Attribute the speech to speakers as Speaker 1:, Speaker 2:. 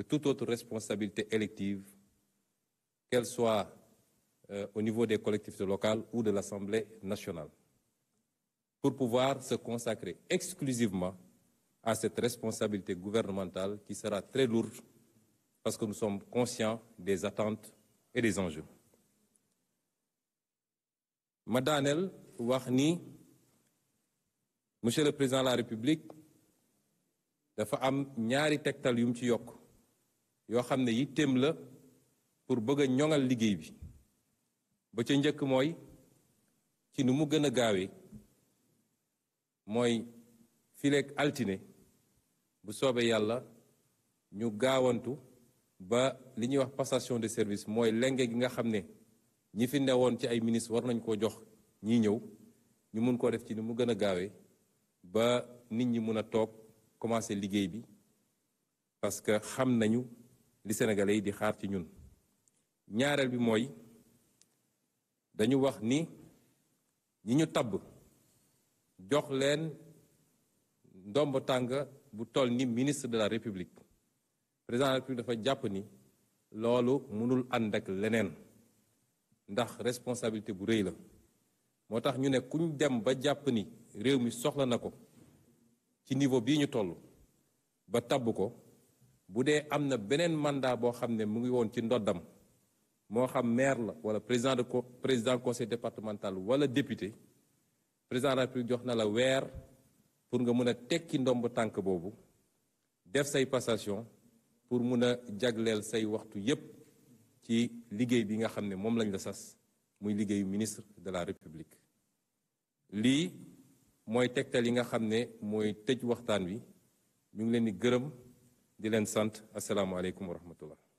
Speaker 1: de toute autre responsabilité élective, qu'elle soit euh, au niveau des collectivités locales ou de l'Assemblée nationale, pour pouvoir se consacrer exclusivement à cette responsabilité gouvernementale qui sera très lourde parce que nous sommes conscients des attentes et des enjeux. ma daaneel wax ni monsieur le président de la république dafa am ñaari tegtal yu mu ci yokk yoo xam ne yitteem la pour bëgg a ñoŋal liggéey bi ba ca njëkk mooy ci nu mu gën a gaawee mooy fileek altine bu soobee yàlla ñu gaawantu ba li ñuy wax passation de service mooy lenge gi nga xam ne ñi fi newoon ci ay ministre war nañ koo jox ñi ñëw ñu mun koo def ci ni mu gën a gaawee ba nit ñi mun a toog commencer liggéey bi parce que xam nañu li sénégalais yi di xaar ci ñun ñaareel bi mooy dañu wax ni ñi ñu tabb jox leen ndomb tàng bu toll ni ministre de la république président de la république dafa jàpp ni loolu mënul ànd ak leneen ndax responsabilité bu rëy la moo tax ñu ne kuñ dem ba jàpp ni réew mi soxla na ko ci niveau bii ñu toll ba tabb ko bu dee am na beneen mandat boo xam ne mu ngi woon ci ndoddam moo xam maire la wala président de président conseil départemental wala député président de la République jox na la weer pour nga mën a tekki ndomb tànk boobu def say passation pour mun a jagleel say waxtu yépp ci liggéey bi nga xam ne moom lañ la sas muy liggéeyu ministre de la République lii mooy tegtal yi nga xam ne mooy tëj waxtaan wi mu ngi leen di gërëm di leen sant asalaamaaleykum wa rahmatullah